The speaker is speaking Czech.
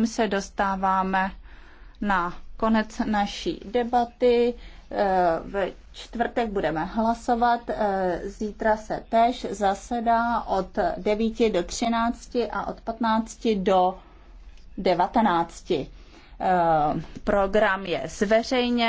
tím se dostáváme na konec naší debaty. E, v čtvrtek budeme hlasovat, e, zítra se též zasedá od 9 do 13 a od 15 do 19. E, program je zveřejněn.